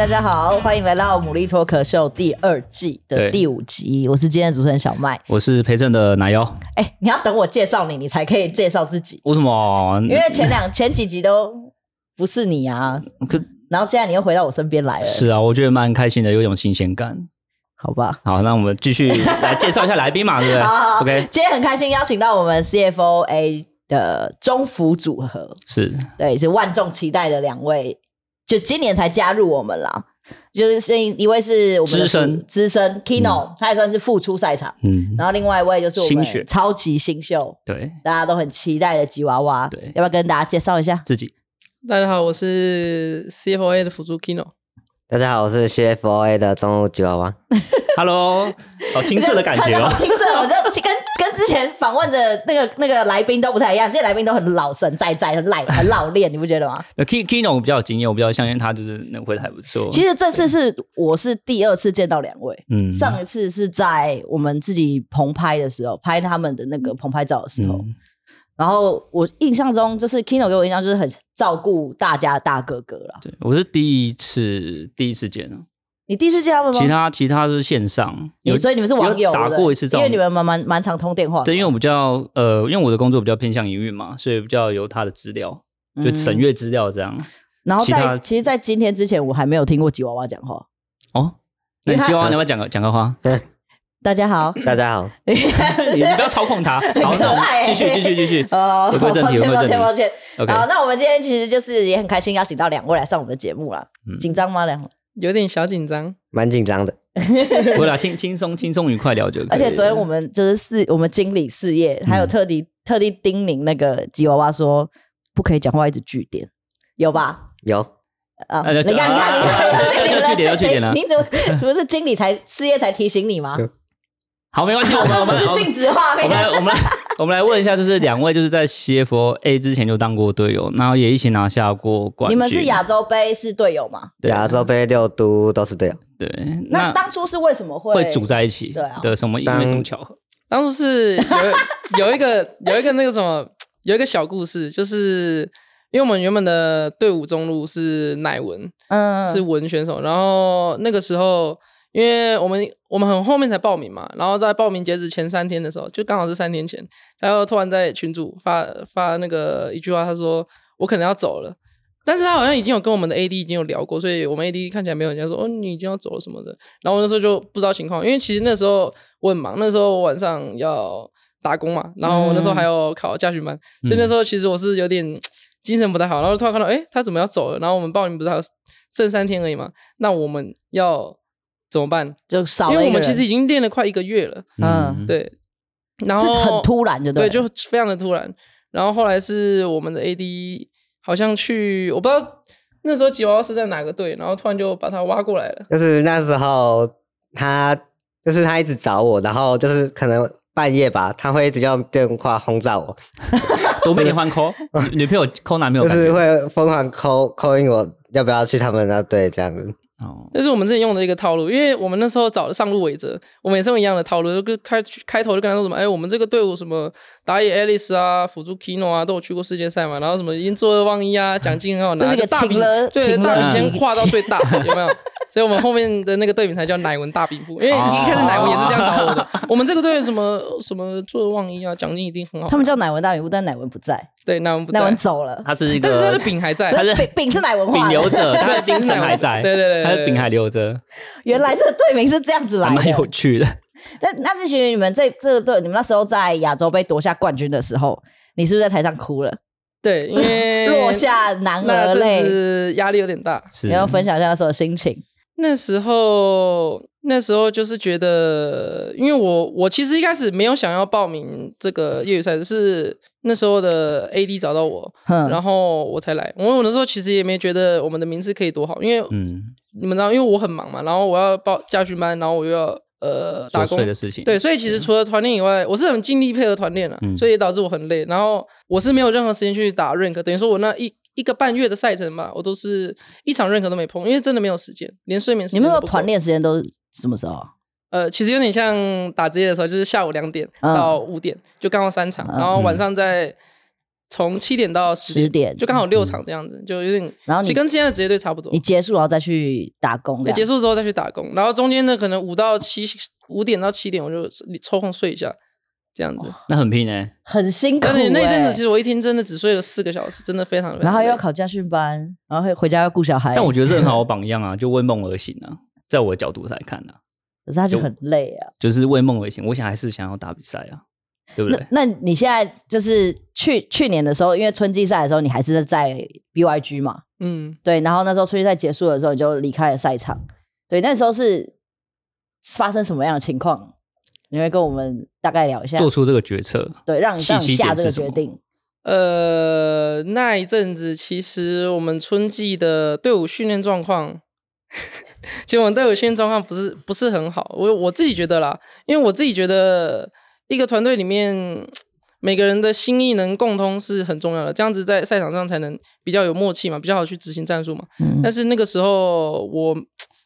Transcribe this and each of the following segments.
大家好，歡迎來到《牡蠣脫殼秀》第二季的第五集。我是今天的主持人小麥，我是陪襯的奶油。哎、欸，你要等我介紹你，你才可以介紹自己。為什麼？因為前兩 前幾集都不是你啊可。然後現在你又回到我身邊來了。是啊，我覺得蠻開心的，有一種新鮮感。好吧，好，那我們繼續來介紹一下來賓嘛， 對不對 ？OK，今天很開心邀請到我們 CFOA 的中服組合，是對，是萬眾期待的兩位。就今年才加入我們啦，就是因，一位是我們資深資深 Kino，嗯、他也算是復出賽場，嗯，然後另外一位就是我們超級新秀，對，大家都很期待的吉娃娃，對，要不要跟大家介紹一下自己？大家好，我是 CFO.A 的輔助 Kino。大家好，我是 CFOA 的中路吉娃娃。Hello， 好青澀的感覺哦好青，青 澀。我覺得跟跟之前訪問的那個那個來賓都不太一樣，這些來賓都很老神在在，很老很老練，你不覺得嗎？K Kino 比較有經驗，我比較相信他，就是能拍的還不錯。其實這次是我是第二次見到兩位，嗯，上一次是在我們自己棚拍的時候，拍他們的那個棚拍照的時候。嗯然後我印象中，就是 Kino 給我印象就是很照顧大家的大哥哥啦。對我是第一次，第一次見啊。你第一次見他們嗎？其他其他是線上有，所以你們是網友，打過一次，因為你們蠻蠻常通電話，話。對，因為我比較呃，因為我的工作比較偏向營運嘛，所以比較有他的資料，嗯、就審閱資料這樣。然後在其其實，在今天之前，我還沒有聽過吉娃娃講話。哦，那吉娃娃，你要不要講個講個話。對。 大家好，大家好，你不要操控他， 欸、好，那繼續繼續繼續，哦，哦，抱歉有個正題，有個、okay. 好，那我們今天其實就是也很開心，邀請到兩位來上我們的節目了，嗯。緊張嗎？兩位？有點小緊張，蠻緊張的。我 倆輕輕鬆輕鬆愉快聊就了。而且昨天我們就是四，我們經理四葉，還有特地、嗯、特地叮嚀那個吉娃娃說，不可以講話一直句點，有吧？有、哦哎、你看啊，你看你看、啊，你看，你句點了句點了，你怎麼怎麼是經理才四葉才提醒你嗎？啊 好，沒關係、啊，我們是靜止畫面。我們來，啊、我，們來 我們來，我們來問一下，就是兩位就是在 CFO A 之前就當過隊友，然後也一起拿下過冠軍。你們是亞洲杯是隊友嗎？對。亞洲杯六都都是隊友。對，那，那當初是為什麼會，會組在一起？對啊，對什麼？沒什麼巧合。當初是有有一個 有一個那個什麼有一個小故事，就是因為我們原本的隊伍中路是奈文，嗯，是文選手。然後那個時候，因為我們。我們很後面才報名嘛，然後在報名截止前三天的時候，就剛好是三天前，然後突然在群組發發那個一句話，他說我可能要走了，但是他好像已經有跟我們的 A D 已經有聊過，所以我們 A D 看起來沒有人家說哦你已經要走了什麼的。然後我那時候就不知道情況，因為其實那時候我很忙，那時候我晚上要打工嘛，然後我那時候還要考駕訓班、嗯，所以那時候其實我是有點精神不太好。然後突然看到誒他怎麼要走了，然後我們報名不是還剩三天而已嘛，那我們要。怎麼辦？就少，因為我們其實已經練了快一個月了。嗯，啊，對。然後是很突然的，對，就非常的突然。然後後來是我們的 AD 好像去，我不知道那時候吉娃娃是在哪個隊，然後突然就把他挖過來了。就是那時候他就是他一直找我，然後就是可能半夜吧，他會一直用電話轟炸我， 都被你挖哭。女朋友摳哪沒有天？ 就是會瘋狂摳摳硬，我要不要去他們那隊這樣子？那、 就是我們自己用的一個套路，因為我們那時候找的上路韋澤，我們也是用一樣的套路，就開開頭就跟他說什麼：“哎，我們這個隊伍什麼。”打野 Alice 啊，輔助 Kino 啊，都有去過世界賽嘛，然後什麼因坐二望一啊，獎、啊、金很好拿這這個大餅，就是、啊啊、大餅先跨到最大， 有沒有？所以我們後面的那個隊名才叫奶文大餅鋪，因為一開始奶文也是這樣找我的。哦，哦哦哦哦哦哦，我們這個隊什麼什麼坐二望一啊，獎金一定很好。他們叫奶文大餅鋪，但奶文不在。對，奶文奶文走了。他是一個，但是他的餅還在。他是，是餅，餅是奶文畫的，是餅留着，他的精神還在。對對對，他的餅還留着。原來這隊名是這樣子來的，蠻有趣的。那那之前你們這這個對你們那時候在亞洲盃，奪下冠軍的時候，你是不是在台上哭了？對，因為 落下男兒淚， 那陣子壓力有點大是。你要分享一下那時候的心情。那時候那時候就是覺得，因為我我其實一開始沒有想要報名這個業餘賽事，是那時候的 AD 找到我，嗯、然後我才來。我我那時候其實也沒覺得我們的名次可以多好，因為、嗯、你們知道，因為我很忙嘛，然後我要報家訓班，然後我又要。呃，打工的事情。對，所以其實除了團練以外，我是很盡力配合團練的，啊嗯，所以導致我很累。然後我是沒有任何時間去打 rank，等於說我那一一個半月的賽程嘛，我都是一場 rank 都沒碰，因為真的沒有時間，連睡眠時間都。你們的團練時間都是什麼時候啊？呃，其實有點像打職業的時候，就是下午兩點到五點，嗯、就剛好三場，然後晚上再。從七點到十點，點，就剛好六場這樣子、嗯，就有點。然後你跟現在的職業隊差不多，你結束然後再去打工。結束之後再去打工，然後中間呢，可能五到七五、哦、點到七點，我就抽空睡一下，這樣子。哦、那很拼哎、欸，很辛苦哎、欸。那一那陣子，其實我一天真的只睡了四個小時，真的非常。累。然後又要考駕訓班，然後回回家要顧小孩。但我覺得是很好，好榜樣啊， 就為夢而行啊，在我的角度來看呢、啊。可是他就很累啊。就、就是為夢而行，我想還是想要打比賽啊。對不對那？那你現在就是去去年的時候，因為春季賽的時候你還是在 BYG 嘛，嗯，對。然後那時候春季賽結束的時候，你就離開了賽場。對，那時候是發生什麼樣的情況？你會跟我們大概聊一下做出這個決策，對，讓你，讓你下這個決定七七。呃，那一陣子其實我們春季的隊伍訓練狀況， 其實我們隊伍訓練狀況不是不是很好。我我自己覺得啦，因為我自己覺得。一個團隊裡面，每個人的心意能共通是很重要的，這樣子在賽場上才能比較有默契嘛，比較好去執行戰術嘛。嗯、但是那個時候我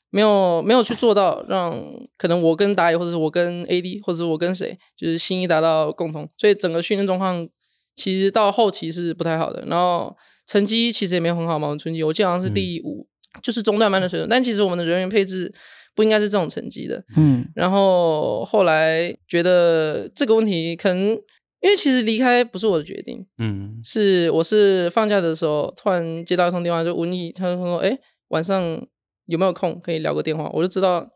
沒有沒有去做到，讓可能我跟打野，或者是我跟 AD，或者是我跟誰，就是心意達到共通，所以整個訓練狀況其實到後期是不太好的。然後成績其實也沒有很好嘛，我們成績我記得好像是第五，嗯、就是中段班的水準。但其實我們的人員配置，不應該是這種成績的，嗯，然後後來覺得這個問題可能，因為其實離開不是我的決定，嗯，是我是放假的時候突然接到一通電話，就吳毅，他就說，哎，晚上有沒有空可以聊個電話？我就知道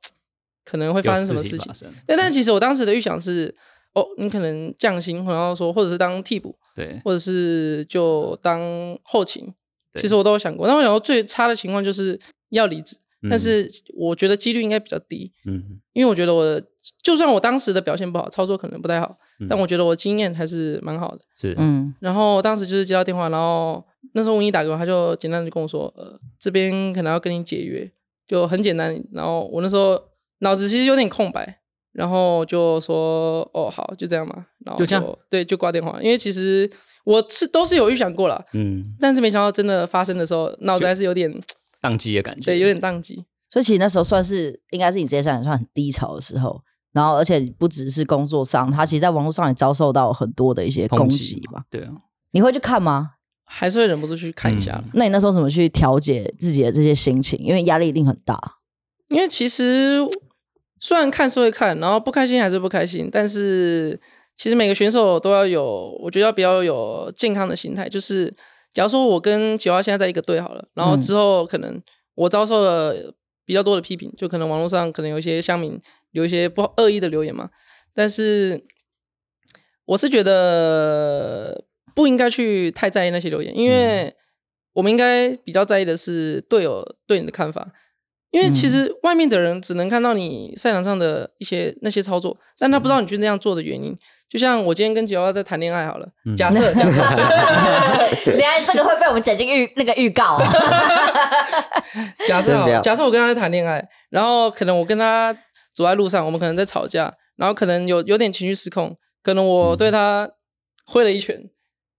可能會發生什麼事情，事情但、嗯、但其實我當時的預想是，哦，你可能降薪，然後說，或者是當替補，對，或者是就當後勤，其實我都有想過。但我想過最差的情況就是要離職。但是我覺得幾率應該比較低，嗯哼，因為我覺得我的就算我當時的表現不好，操作可能不太好，嗯、但我覺得我經驗還是蠻好的，是，嗯。然後當時就是接到電話，然後那時候我一打給他，他就簡單的跟我說，呃，這邊可能要跟你解約，就很簡單。然後我那時候腦子其實有點空白，然後就說，哦，好，就這樣嘛。然後就，就這樣，對，就掛電話。因為其實我是都是有預想過了，嗯，但是沒想到真的發生的時候，腦子還是有點。宕機的感覺，對，有點宕機。所以其實那時候算是應該是你職業生涯算很低潮的時候，然後而且不只是工作上，他其實在網絡上也遭受到很多的一些攻擊吧。對啊，你會去看嗎？還是會忍不住去看一下、嗯？那你那時候怎麼去調節自己的這些心情？因為壓力一定很大。因為其實雖然看是會看，然後不開心還是不開心，但是其實每個選手都要有，我覺得要比較有健康的心態，就是。假如說我跟吉娃現在在一個隊好了，然後之後可能我遭受了比較多的批評、嗯，就可能網絡上可能有一些鄉民有一些不惡意的留言嘛，但是我是覺得不應該去太在意那些留言，因為我們應該比較在意的是隊友對你的看法。因為其實外面的人只能看到你賽場上的一些、嗯、那些操作，但他不知道你去那樣做的原因、嗯。就像我今天跟吉娃娃在談戀愛好了，假、嗯、設，假設，你、嗯、看 這個會被我們剪進預那個預告、啊 假設。假設假設我跟他在談戀愛，然後可能我跟他走在路上，我們可能在吵架，然後可能有有點情緒失控，可能我對他揮了一拳，嗯、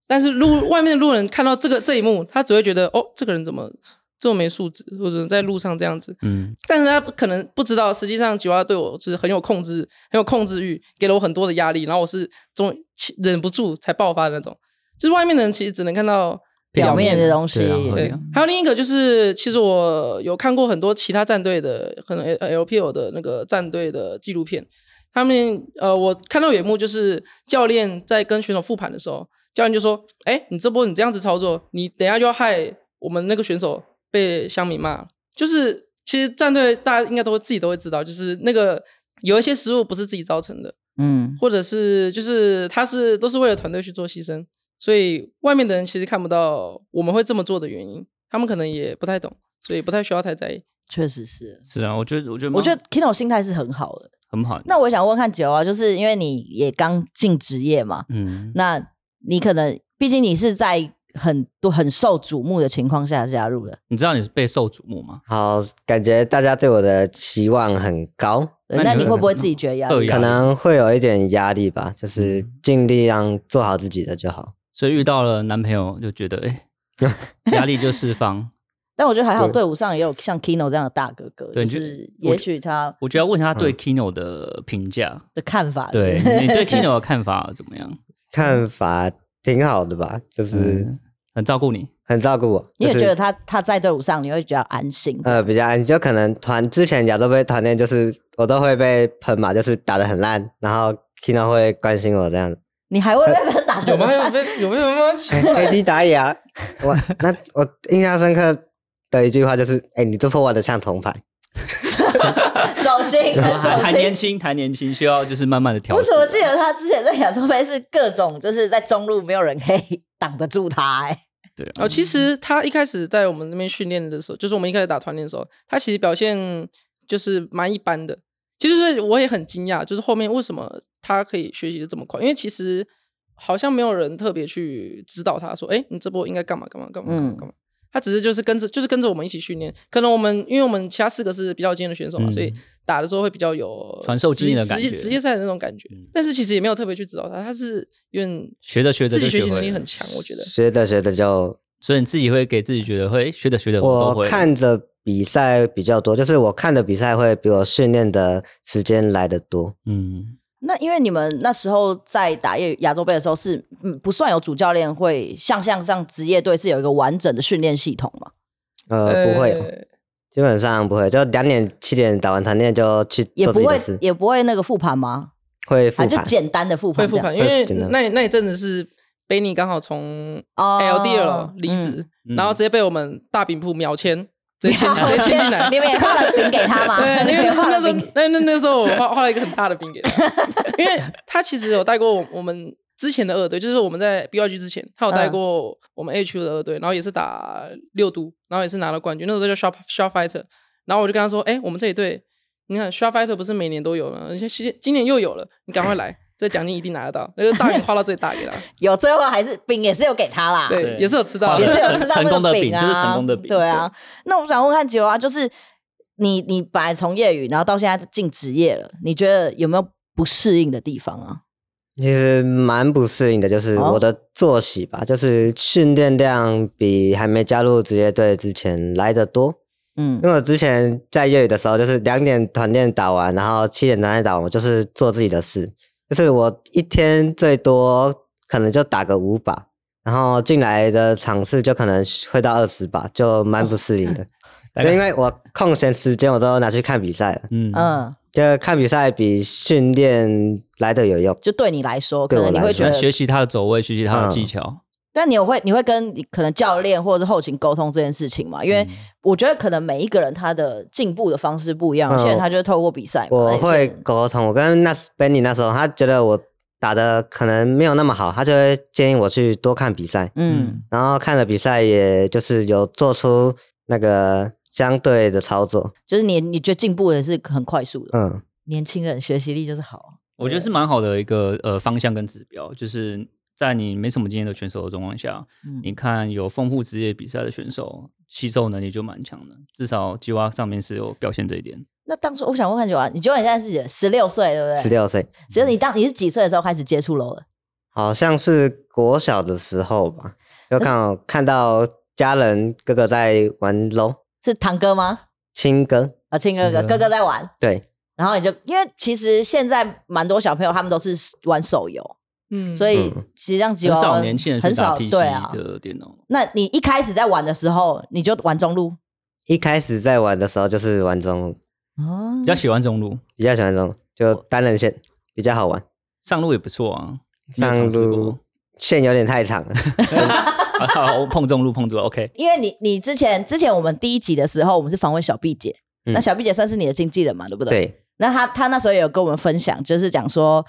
但是路外面的路人看到這個這一幕，他只會覺得哦，這個人怎麼這麼沒素質，或者在路上這樣子，嗯，但是他可能不知道，實際上吉娃對我是很有控制，很有控制慾，給了我很多的壓力，然後我是總忍不住才爆發的那種。就是外面的人其實只能看到表面，表面的東西對、啊對。對，還有另一個就是，其實我有看過很多其他戰隊的，可能 LPL 的那個戰隊的紀錄片，他們呃，我看到有一幕就是教練在跟選手複盤的時候，教練就說：“哎、欸，你這波你這樣子操作，你等一下就要害我們那個選手。”被鄉民罵，就是其實戰隊大家應該都會自己都會知道，就是那個有一些失誤不是自己造成的，嗯，或者是就是他是都是為了團隊去做犧牲，所以外面的人其實看不到我們會這麼做的原因，他們可能也不太懂，所以不太需要太在意。確實是是啊，我覺得我覺得我覺得 Kino 心態是很好的，很好。那我想問問看九啊，就是因為你也剛進職業嘛，嗯，那你可能畢竟你是在。很多很受矚目的情況下加入的。你知道你是備受矚目嗎？好，感覺大家對我的期望很高。那你,那你會不會自己覺得壓力？可能會有一點壓力吧，就是盡力讓做好自己的就好、嗯。所以遇到了男朋友就覺得，哎、欸，壓 力就釋放。 但我覺得還好，隊伍上也有像 Kino 這樣的大哥哥，對就,就是也許他我，我覺得問一下他對 Kino 的評價、嗯、的看法是不是。對你對 Kino 的看法怎麼樣？ 看法。挺好的吧，就是、嗯、很照顧你，很照顧我。就是、你也覺得他他在隊伍上，你會比較安心。呃，比較安，心。就可能團之前亞洲杯團練就是我都會被噴嘛，就是打得很爛，然後 Kino 會關心我這樣子。你還會被他打得很爛？有沒有被？有沒有被搶？AD 打野啊！ 我那我印象深刻的一句話就是：哎、欸，你這破玩的像銅牌。 走心，談年輕，談年輕，需要就是慢慢的調整。我怎麼記得他之前在亞洲杯是各種，就是在中路沒有人可以擋得住他哎。對哦，其實他一開始在我們那邊訓練的時候，就是我們一開始打團練的時候，他其實表現就是蠻一般的。其實是我也很驚訝，就是後面為什麼他可以學習的這麼快？因為其實好像沒有人特別去指導他說：“哎、欸，你這波應該幹嘛幹嘛幹嘛幹嘛。”嗯。他只是就是跟着，就是跟着我們一起訓練。可能我們因為我們其他四個是比較經驗的選手嘛、嗯，所以打的時候會比較有傳授經驗的感覺職,職,職業賽的那種感覺、嗯。但是其實也沒有特別去指導他，他是因為學着學着自己學習能力很強。我覺得學着學着就,就，所以你自己會給自己覺得會學着學着。我看的比賽比較多，就是我看的比賽會比我訓練的時間來得多。嗯。那因為你們那時候在打亞亞洲盃的時候是，不算有主教練會像像上職業隊是有一個完整的訓練系統嗎？呃，不會，基本上不會，就兩點七點打完團練就去做。也不會也不會那個復盤嗎？會復、啊、就簡單的復盤。會復盤，因為那那一陣子是 Benny 剛好從 LDL 離職，然後直接被我們大餅鋪秒簽。直接前進來,來，你們畫了餅給他嘛，對，因為就是那時候，那那那時候我畫畫了一個很大的餅給他， 因為他其實有帶過我們之前的二隊，就是我們在 BYG 之前，他有帶過我們 ahq 的二隊，然後也是打六都，然後也是拿了冠軍，嗯、那時候叫 Shop Shop Fighter，然後我就跟他說，哎、欸，我們這一隊，你看 Shop Fighter 不是每年都有嗎？人家今今年又有了，你趕快來。 這獎金一定拿得到，那就是、大魚花到最大魚了。 有最後還是餅也是有給他啦，對，也是有吃到，也是有吃到那個餅啊，就是成功的餅。對啊，那我想問看吉娃啊，就是你你本來從業餘，然後到現在進職業了，你覺得有沒有不適應的地方啊？其實蠻不適應的，就是我的作息吧，哦、就是訓練量比還沒加入職業隊之前來得多。嗯，因為我之前在業餘的時候，就是兩點團練打完，然後七點團練打完，我就是做自己的事。就是我一天最多可能就打個五把，然後進來的場次就可能會到二十把，就蠻不適應的。哦、就因為我空閒時間我都拿去看比賽了。嗯嗯，就看比賽比訓練來得有用。就對你來說，可能你會覺得學習他的走位，學習他的技巧。但你有會，你會跟你可能教練或者是後勤溝通這件事情嗎？因為我覺得可能每一個人他的進步的方式不一樣，有些人他就是透過比賽。我會溝通，我跟那 Spenny 那時候，他覺得我打的可能沒有那麼好，他就會建議我去多看比賽。嗯，然後看了比賽，也就是有做出那個相對的操作。就是你你覺得進步也是很快速的。嗯，年輕人學習力就是好，我覺得是蠻好的一個呃方向跟指標，就是。在你沒什麼經驗的選手的狀況下、嗯，你看有豐富職業比賽的選手吸收能力就蠻強的，至少吉娃上面是有表現這一點。那當初我想問吉娃，你，你現在是十六歲對不對？十六歲。十六你當你是幾歲的時候開始接觸 LOL？好像是國小的時候吧，就看看到家人哥哥在玩 LOL，是堂哥嗎？親哥啊，親哥哥、嗯，哥哥在玩。對。然後你就因為其實現在蠻多小朋友他們都是玩手遊。嗯，所以其實這樣子很少年輕人很少的電腦。那你一開始在玩的時候，你就玩中路？一開始在玩的時候就是玩中路哦、嗯。比較喜歡中路，比較喜歡中路，就單人線比較好玩。上路也不錯啊，上路線有點太長了 啊好好，我碰中路碰住了。OK，因為你你之前之前我們第一集的時候，我們是訪問小畢姐、嗯，那小畢姐算是你的經紀人嘛，對不對？對。那他她那時候也有跟我們分享，就是講說。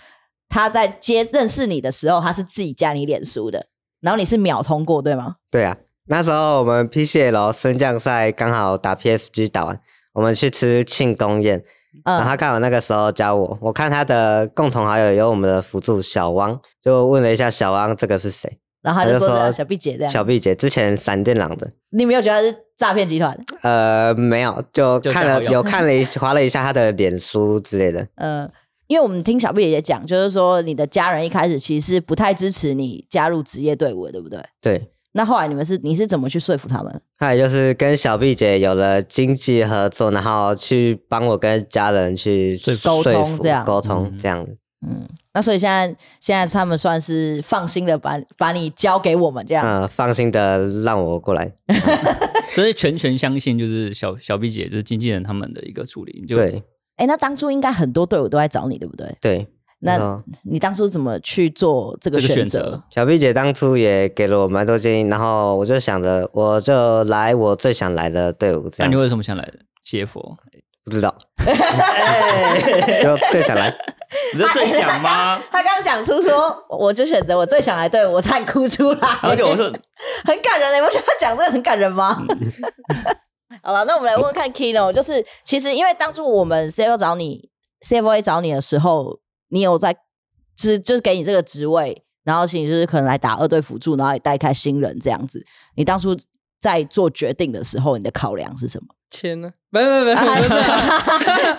他在接認識你的時候，他是自己加你臉書的，然後你是秒通過，對嗎？對啊，那時候我們 PCL 升降賽剛好打 PSG 打完，我們去吃慶功宴、嗯，然後他看我那個時候加我，我看他的共同好友有我們的輔助小汪，就問了一下小汪這個是誰，然後他就說小碧姐這樣。小碧姐，小碧姐之前閃電狼的，你沒有覺得是詐騙集團？呃，沒有，就看了就有看了划了一下他的臉書之類的，嗯。因為我們聽小畢姐姐講，就是說你的家人一開始其實是不太支持你加入職業隊伍，對不對？對。那後來你們是你是怎麼去說服他們？後來就是跟小畢姐有了經紀合作，然後去幫我跟家人去說服，溝通這樣溝通這樣,通這樣嗯。嗯。那所以現在現在他們算是放心的把把你交給我們這樣。嗯，放心的讓我過來。 所以全權相信就是小小畢姐就是經紀人他們的一個處理，就對。哎、欸，那當初應該很多隊伍都在找你，對不對？對，那你當初怎麼去做這個選擇、這個？小 B 姐當初也給了我蠻多建議，然後我就想着，我就來我最想來的隊伍。那你為什麼想來的？杰佛不知道，就 最想來。你說最想嗎？他剛講 出說， 我就選擇我最想來的隊伍，我太哭出來。而且我說 很感人嘞，我覺得他講的很感人嗎？ 好了，那我們來問問看 Kino，就是其實因為當初我們 CFO 找你，CFOA 找你的時候，你有在職、就是、就是給你這個職位，然後其實就是可能來打二隊輔助，然後也帶開新人這樣子。你當初在做決定的時候，你的考量是什麼？錢呢、啊？沒沒沒 這，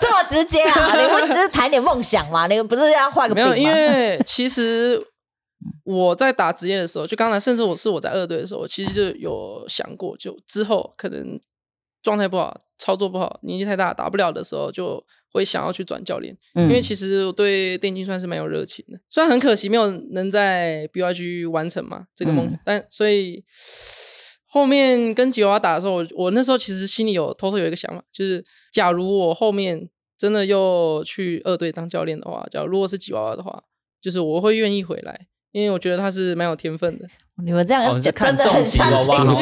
這麼直接啊？你不就是談點夢想嗎？你不是要畫個餅嗎？因為其實我在打職業的時候，就剛才甚至我是我在二隊的時候，我其實就有想過，就之後可能。狀態不好，操作不好，年紀太大，打不了的時候就會想要去轉教練，嗯，因為其實我對電競算是蠻有熱情的。雖然很可惜沒有能在 BYG 完成嘛這個夢，嗯，但所以後面跟吉娃娃打的時候，我我那時候其實心裡有偷偷有一個想法，就是假如我後面真的又去二隊當教練的話，假如如果是吉娃娃的話，就是我會願意回來，因為我覺得他是蠻有天分的。你們這樣看得、哦、們真的很像情侶。他們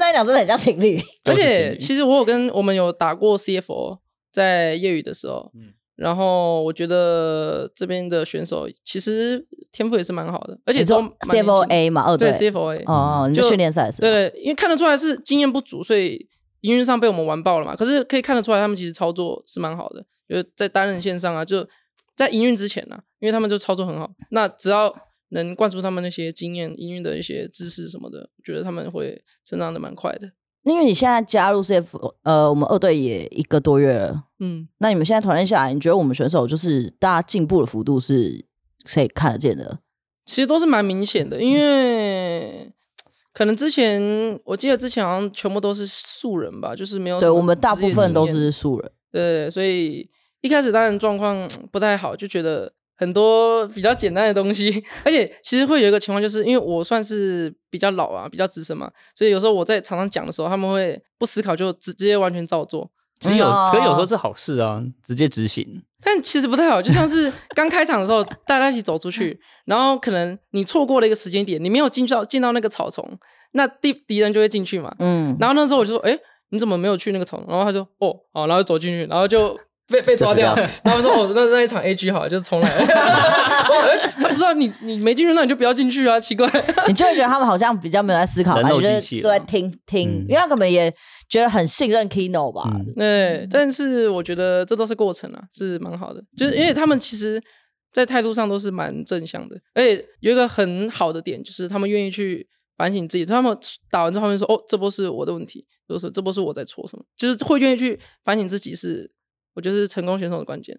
那兩真的很像情侶，而且其實我有跟我們有打過 CFO，在業餘的時候、嗯。然後我覺得這邊的選手其實天賦也是蠻好的，而且從 CFO A 嘛，二隊，對，CFO A 哦，就訓練賽是，是，對，對對，因為看得出來是經驗不足，所以營運上被我們玩爆了嘛。可是可以看得出來，他們其實操作是蠻好的，就是在單人線上啊，就在營運之前呢、啊，因為他們就操作很好，那只要。能灌輸他們那些經驗、營運的一些知識什麼的，我覺得他們會成長的蠻快的。因為你現在加入 CF，呃，我們二隊也一個多月了，嗯，那你們現在團練下來，你覺得我們選手就是大家進步的幅度是可以看得見的？其實都是蠻明顯的，因為、嗯、可能之前我記得之前好像全部都是素人吧，就是沒有，對我們大部分都是素人，對，對,對，所以一開始當然狀況不太好，就覺得。很多比較簡單的東西，而且其實會有一個情況，就是因為我算是比較老啊，比較資深嘛，所以有時候我在場上講的時候，他們會不思考就直接完全照做。只有可有時候是好事啊，直接執行、嗯。但其實不太好，就像是剛開場的時候，大家一起走出去， 然後可能你錯過了一個時間點，你沒有進去到進到那個草叢，那敵敵人就會進去嘛。嗯。然後那時候我就說：“哎、欸，你怎麼沒有去那個草叢？”然後他說：“哦，好，然後走進去，然後就。 ”被被抓掉，就是、他們說哦，那那一場 AG 好，就是重來。不知道你你沒進去，那你就不要進去啊，奇怪。 你就會覺得他們好像比較沒有在思考、啊，就是都在聽聽、嗯，因為他們也覺得很信任 Kino 吧、嗯？對。但是我覺得這都是過程啊，是蠻好的。就是因為他們其實，在態度上都是蠻正向的、嗯，而且有一個很好的點就是他們願意去反省自己。他們打完之後，他們說：“哦，這波是我的問題。”就是這波是我在錯什麼，就是會願意去反省自己是。就是成功選手的關鍵。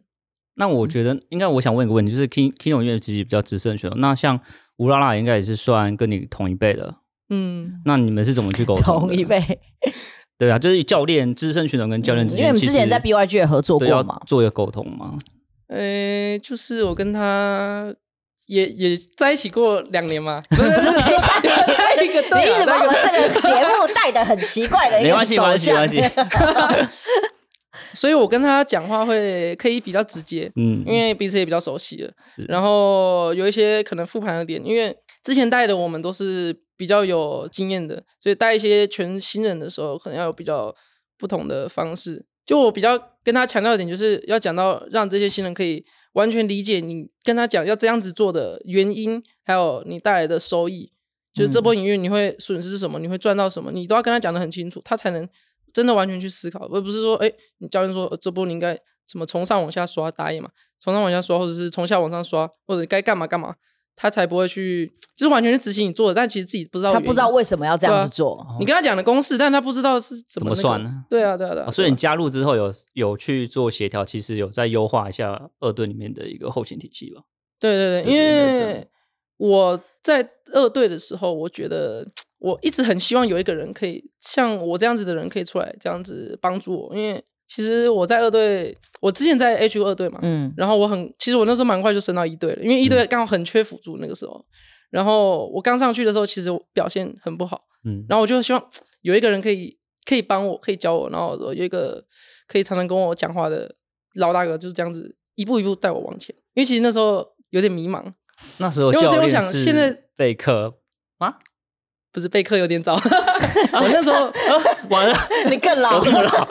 那我覺得、嗯、應該我想問一個問題，就是 Kino Kino 總因為自己比較資深選手，那像烏拉拉應該也是算跟你同一輩的，嗯，那你們是怎麼去溝通的？同一輩，對啊，就是教練資深選手跟教練、嗯，因為我們之前在 BYG 也合作過嘛，做一個溝通嗎？呃、欸，就是我跟他也也在一起過兩年嘛， 一下 一個 你怎麼把我們這個節目帶的很奇怪的，沒關係，沒關係，沒關係。 所以，我跟他講話會可以比較直接，嗯，因為彼此也比較熟悉了。是。然後有一些可能復盤的點，因為之前帶的我們都是比較有經驗的，所以帶一些全新人的時候，可能要有比較不同的方式。就我比較跟他強調一點，就是要講到讓這些新人可以完全理解你跟他講要這樣子做的原因，還有你帶來的收益。就是這波營運你會損失什麼，嗯，你會賺到什麼，你都要跟他講得很清楚，他才能。真的完全去思考，而不是說，哎、欸，你教練說這波你應該怎麼從上往下刷打野嘛，從上往下刷，或者是從下往上刷，或者該幹嘛幹嘛，他才不會去，就是完全是執行你做的，但其實自己不知道。他不知道為什麼要這樣子做，啊、哦，你跟他講的公式，但他不知道是什麼，那個、怎麼算呢？對啊，對啊，對啊。對啊，啊，所以你加入之後有，有有去做協調，其實有在優化一下二隊裡面的一個後勤體系吧。對對對，對因為，因為我在二隊的時候，我覺得。我一直很希望有一個人可以像我這樣子的人可以出來這樣子幫助我，因為其實我在二隊，我之前在 H 二隊嘛，嗯，然後我很其實我那時候蠻快就升到一隊了，因為一隊剛好很缺輔助那個時候，嗯，然後我剛上去的時候其實我表現很不好，嗯，然後我就希望有一個人可以可以幫我可以教我，然後有一個可以常常跟我講話的老大哥就是這樣子一步一步帶我往前，因為其實那時候有點迷茫，那時候是因為我想現在備課啊。不是備課，有點早， 我那時候、 啊啊、完了。你更老， 麼老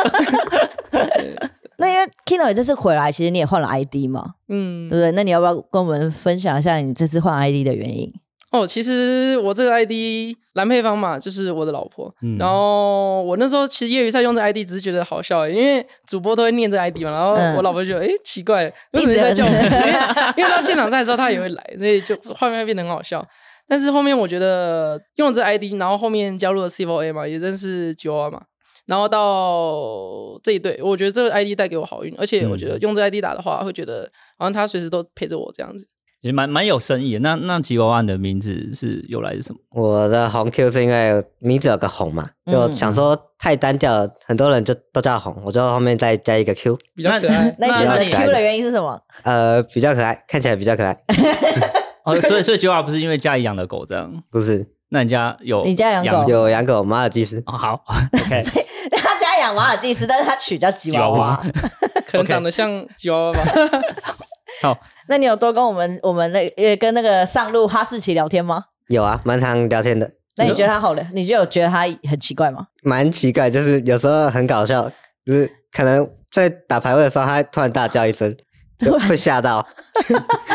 那因為 Kino 也這次回來，其實你也換了 ID 嘛，嗯，對不對？那你要不要跟我們分享一下你這次換 ID 的原因？哦，其實我這個 ID 藍配方嘛，就是我的老婆。嗯、然後我那時候其實業餘賽用這 ID 只是覺得好笑，因為主播都會念這 ID 嘛。然後我老婆覺得哎奇怪，一直為什麼在叫我 因？因為到現場賽的時候他也會來，所以就畫面會變得很好笑。但是後面我覺得用這 ID，然後後面加入了 CFO.A 嘛，也認識吉娃娃嘛，然後到這一隊，我覺得這 ID 帶給我好運，而且我覺得用這 ID 打的話，會覺得好像他隨時都陪着我這樣子、嗯其實。也蠻蠻有深意的。那那吉娃娃的名字是由來是什麼？我的紅 Q 是因為名字有個紅嘛，就想說太單調了，很多人就都叫紅，我就後面再加一個 Q，比較可愛。那你選擇 Q 的原因是什麼？呃，比較可愛，看起來比較可愛。 哦、 oh,，所以所以吉娃娃不是因為家裡養的狗這樣，不是？那你家有養，你家養狗，有養狗，馬爾濟斯。Oh, 好，okay. 所以，他家養馬爾濟斯， 但是他取叫吉娃娃，吉娃娃 可能長得像吉娃娃吧。 好，那你有多跟我們我們那呃、個、跟那個上路哈士奇聊天嗎？ 有啊，蠻常聊天的。那你覺得他好的你就有覺得他很奇怪嗎？蠻 奇怪，就是有時候很搞笑，就是可能在打排位的時候，他突然大叫一聲， 會嚇到。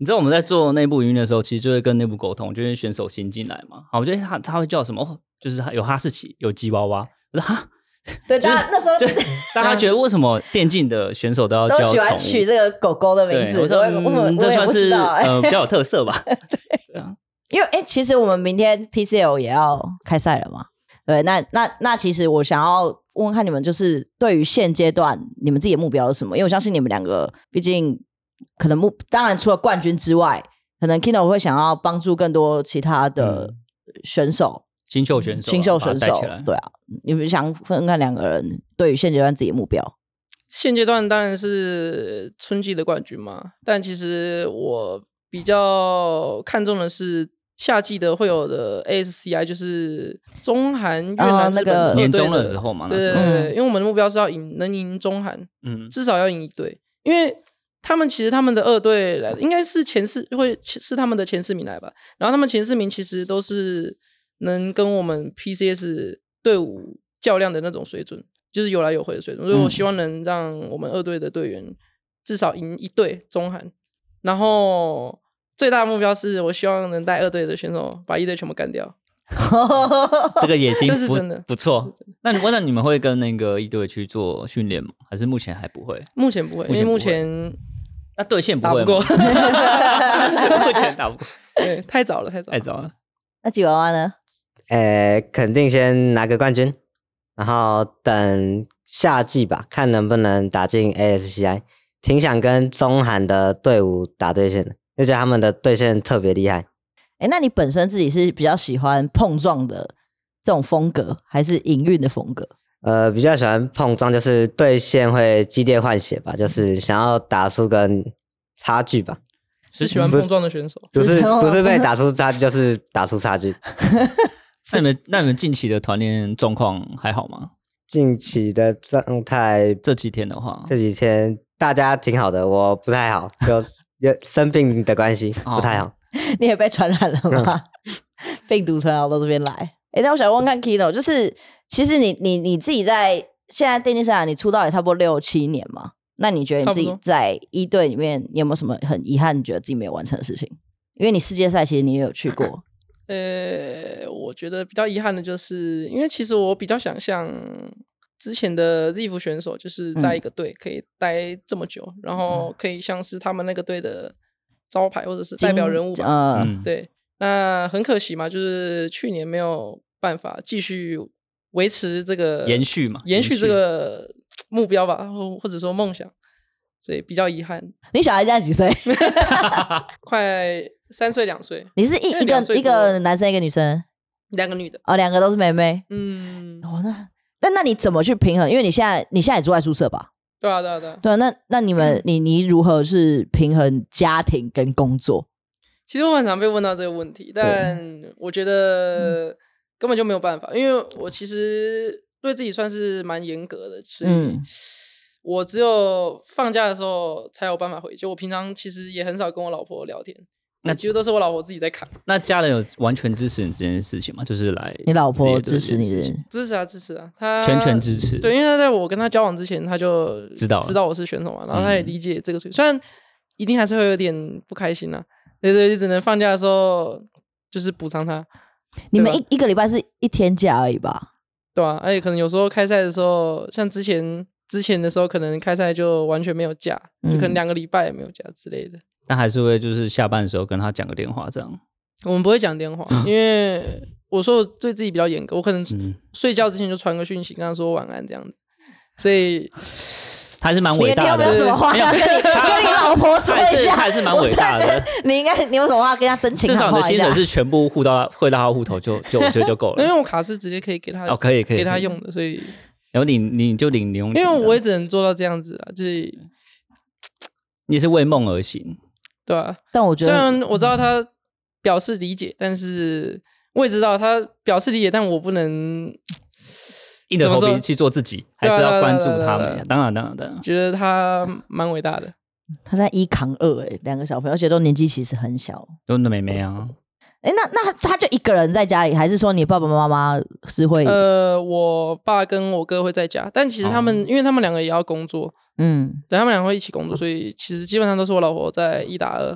你知道我們在做內部運營的時候，其實就會跟內部溝通，就是選手新進來嘛。好，我覺得他他會叫什麼、哦？就是有哈士奇，有吉娃娃。我說哈，對大家、 就是，那時候就大家覺得為什麼電競的選手都要叫都喜歡取這個狗狗的名字？我就我我也不、嗯、知道、欸呃，比較有特色吧。 對,對、啊，因為哎，為其實我們明天 PCL 也要開賽了嘛。對，那那那，那其實我想要問問看你們，就是對於現階段你們自己的目標是什麼？因為我相信你們兩個，畢竟。可能目當然除了冠軍之外，可能 Kino 會想要幫助更多其他的選手、嗯，新秀選手，新秀選手。對啊，你們想分開兩個人對於現階段自己的目標？現階段當然是春季的冠軍嘛，但其實我比較看重的是夏季的會有的 ASCI，就是中韓、越南、日本、啊、那個，年終的時候嘛。對、嗯，因為我們的目標是要贏，能贏中韓，嗯，至少要贏一隊，因為。他們其實他們的二隊來，應該是前四會是他們的前四名來吧。然後他們前四名其實都是能跟我們 PCS 隊伍較量的那種水準，就是有來有回的水準、嗯。所以我希望能讓我們二隊的隊員至少贏一隊中韓。然後最大的目標是我希望能帶二隊的選手把一隊全部幹掉。 這個野心這是真的不錯。那我那你們會跟那個一隊去做訓練嗎？還是目前還不會？目前不會，因為目前。他、啊、對線不會不過， 目前打不過， 對，太早了，太早，太早了。那吉娃娃呢？誒，肯定先拿個冠軍，然後等夏季吧，看能不能打進 ASCI。挺想跟中韓的隊伍打對線的，就覺得他們的對線特別厲害。哎，那你本身自己是比較喜歡碰撞的這種風格，還是營運的風格？呃，比較喜歡碰撞，就是對線會激烈換血吧、嗯，就是想要打出個差距吧。只喜歡碰撞的選手，不是不是,不是被打出差距， 就是打出差距。 那你們那你們近期的團練狀況還好嗎？近期的狀態，這幾天的話，這幾天大家挺好的，我不太好，有有生病的關係 不太好。哦、你也被傳染了嗎？嗯、 病毒傳染到這邊來。哎、欸，那我想問問看 Kino，就是其實你你你自己在現在電競賽場，你出道也差不多六七年嘛。那你覺得你自己在一隊裡面，你有沒有什麼很遺憾，覺得自己沒有完成的事情？因為你世界賽其實你也有去過。呃、欸，我覺得比較遺憾的就是，因為其實我比較想像之前的 ZIF 選手，就是在一個隊可以待這麼久，嗯，然後可以像是他們那個隊的招牌或者是代表人物吧，嗯，對。那很可惜嘛，就是去年沒有辦法繼續維持這個延續嘛，延續這個目標吧，或或者說夢想，所以比較遺憾。你小孩現在幾歲？ 快三歲兩歲。你是一一個一個男生，一個女生，兩個女的哦，兩個都是妹妹。嗯，哦，那那那你怎麼去平衡？因為你現在你現在也住在宿舍吧？對啊對啊對。對啊，對啊，對啊，那那你們，嗯，你你如何是平衡家庭跟工作？其實我很常被問到這個問題，但我覺得根本就沒有辦法，因為我其實對自己算是蠻嚴格的，所以我只有放假的時候才有辦法回去。就我平常其實也很少跟我老婆聊天，那其實都是我老婆自己在看。那那家人有完全支持你這件事情嗎？就是來你老婆支持你，支持啊支持啊，支持啊他全權支持。對，因為他在我跟他交往之前，他就知道知道我是選手嘛，然後他也理解這個事情、嗯，雖然一定還是會有點不開心啊。對，對對，只能放假的時候，就是補償他。你們一一個禮拜是一天假而已吧？對啊，而且可能有時候開賽的時候，像之前之前的時候，可能開賽就完全沒有假，嗯，就可能兩個禮拜也沒有假之類的。但還是會就是下班的時候跟他講個電話這樣。 我們不會講電話，因為我說我對自己比較嚴格，我可能睡覺之前就傳個訊息，跟他說晚安這樣。所以。 他是蠻偉大的你，你要不要什麼話？你跟老婆說一下，我是覺得，你應該，你有什麼話跟他真情告至少你的薪水是全部互到他，匯到戶頭就就就就夠了。因為我卡是直接可以給他哦，可以可以給他用的，所以然後你你就領你用，因為我也只能做到這樣子啊，就是你是為夢而行，對啊，但我覺得雖然我知道他表示理解，但是我也知道他表示理解，但我不能。硬着頭皮去做自己，還是要關注他們、啊。當然，當然，當然，覺得他蠻偉大的。他在一扛二、欸，哎，兩個小朋友，而且都年紀其實很小，有你的妹妹啊。欸、那那他就一個人在家裡，還是說你爸爸媽媽是會？呃，我爸跟我哥會在家，但其實他們、哦、因為他們兩個也要工作，嗯，對他們兩個會一起工作，所以其實基本上都是我老婆在一打二。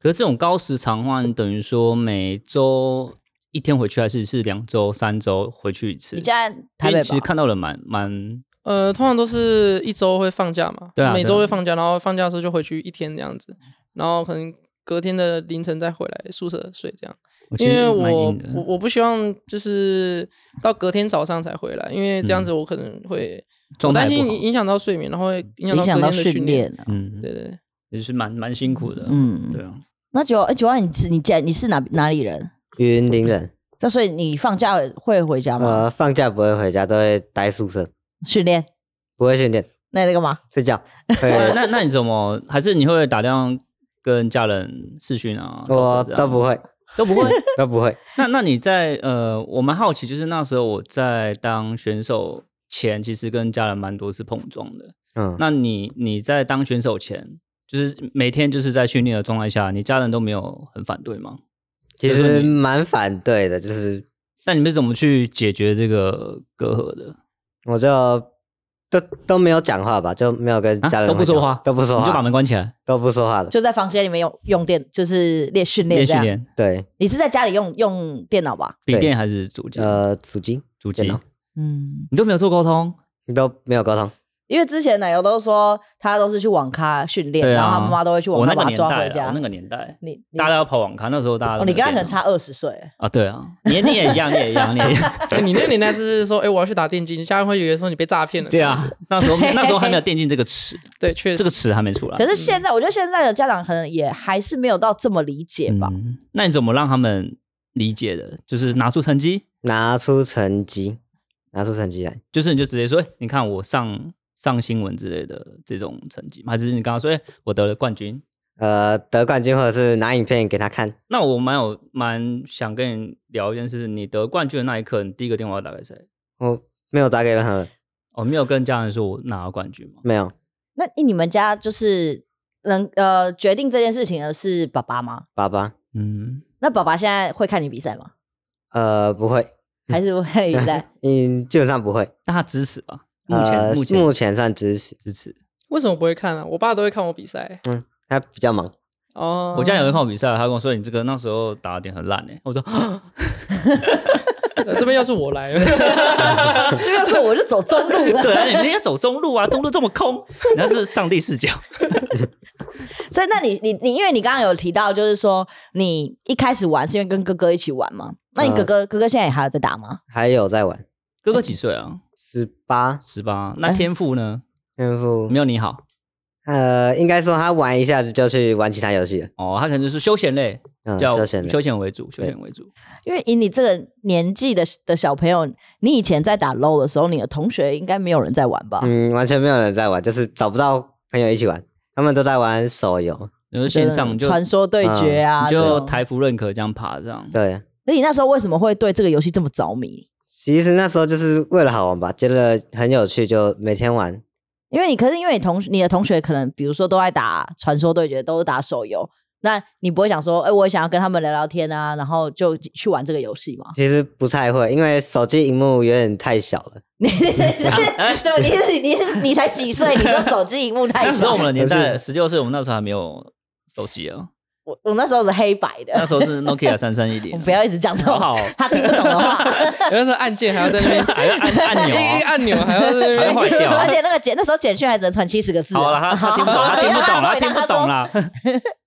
可是這種高時長的話，你等於說每周，一天回去還是是兩週、三週回去一次？你家，台北，其實看到了蠻蠻……呃，通常都是一週會放假嘛？對啊，每週會放假，然後放假的時候就回去一天這樣子，然後可能隔天的凌晨再回來宿舍睡這樣。因為我我我不希望就是到隔天早上才回來，因為這樣子我可能會總擔心，嗯，影響到睡眠，然後會影響到訓練。嗯，對對，對，也是蠻蠻辛苦的。嗯，對啊。那吉娃，吉娃，你是你家，你是哪哪裡人？雲林人，嗯、那所以你放假會回家嗎？呃，放假不會回家，都會待宿舍訓練，不會訓練。那你在幹嘛？睡覺。 嘿嘿嘿嘿 那那你怎麼？還是你會打電話跟家人視訊啊不？我都不會，都不會， 都不會。 那那你在呃，我蠻好奇，就是那時候我在當選手前，其實跟家人蠻多次碰撞的。嗯，那你你在當選手前，就是每天就是在訓練的狀態下，你家人都沒有很反對嗎？其實蠻反對的，就是。那你們怎麼去解決這個隔閡的？我就都都沒有講話吧，就沒有跟家人講、啊、都不說話，都不說話，你就把門關起來，都不說話了。就在房間裡面用用電，就是練訓練。練訓練。對，你是在家裡用用電腦吧？筆電還是主機？呃，主機，主機。嗯。你都沒有做溝通？你都沒有溝通。因為之前奶油都說他都是去網咖訓練、啊，然後他媽媽都會去網咖把他抓回家。我那個年代，你，你，大，家都你，你大家要跑網咖，那時候大家都、哦、你跟他可能差二十歲啊，對啊，年齡也， 也一樣，你也一樣，你 你那年代是說、欸，我要去打電競，家人會有人說你被詐騙了。對啊，那時候那時候還沒有電競這個詞， 對，確實這個詞還沒出來。可是現在、嗯，我覺得現在的家長可能也還是沒有到這麼理解吧？嗯、那你怎麼讓他們理解的？就是拿出成績，拿出成績，拿出成績來，就是你就直接說，欸、你看我上。上新聞之類的這種成績嘛，還是你剛剛說、欸，我得了冠軍，呃，得冠軍或者是拿影片給他看。那我蠻有蠻想跟你聊一件事，你得冠軍的那一刻，你第一個電話要打給誰？我沒有打給任何人，我沒有跟家人說我拿了冠軍 沒有。那你們家就是能呃決定這件事情的是爸爸嗎？爸爸。嗯。那爸爸現在會看你比賽嗎？呃，不會。還是不會比賽？ 嗯，基本上不會。但他支持吧。目前、呃、目前目前算支持支持。為什麼不會看啊？我爸都會看我比賽。嗯，他比較忙哦。Oh. 我家有人看我比賽，他跟我說：“你這個那時候打得點很爛呢。”我說：“ 這邊要是我來了， 這邊要是我就走中路了。 ”對啊，你應要走中路啊， 中路這麼空，那 是上帝視角。 所以，那你你你，你因為你剛剛有提到，就是說你一開始玩是因為跟哥哥一起玩嘛。那你哥哥、呃、哥哥現在也還有在打嗎？還有在玩。哥哥幾歲啊？十八十八，那天賦呢？欸、天賦沒有你好，呃，應該說他玩一下子就去玩其他遊戲了。哦，他可能就是休閒類，叫休閒為主，嗯、休閒為主。因為以你這個年紀的的小朋友，你以前在打 LOL 的時候，你的同學應該沒有人在玩吧？嗯，完全沒有人在玩，就是找不到朋友一起玩，他們都在玩手遊，就是、線上就傳說對決啊，嗯、就台服認可這樣爬這樣。對，那你那時候為什麼會對這個遊戲這麼着迷？其實那時候就是為了好玩吧，覺得很有趣，就每天玩。因為你可是因為你同你的同學可能比如說都愛打傳說對決，都是打手遊，那你不會想說，哎、欸，我想要跟他們聊聊天啊，然後就去玩這個遊戲嗎？其實不太會，因為手機屏幕有點太小了。你是、 啊欸、 你是，你，是你才幾歲？ 你說手機屏幕太小？你 說我們的年代，十六歲，我們那時候還沒有手機啊。我我那時候是黑白的，那時候是 Nokia 3310。我不要一直講這種他聽不懂的話， 有那時候按鍵還要在那邊按按按鈕，按鈕、啊、 還要傳壞掉、啊。而且那個簡那時候簡訊還只能傳七十個字、哦。 好了，他聽不懂，好好好，他聽不懂，他，他聽不懂了。不懂啦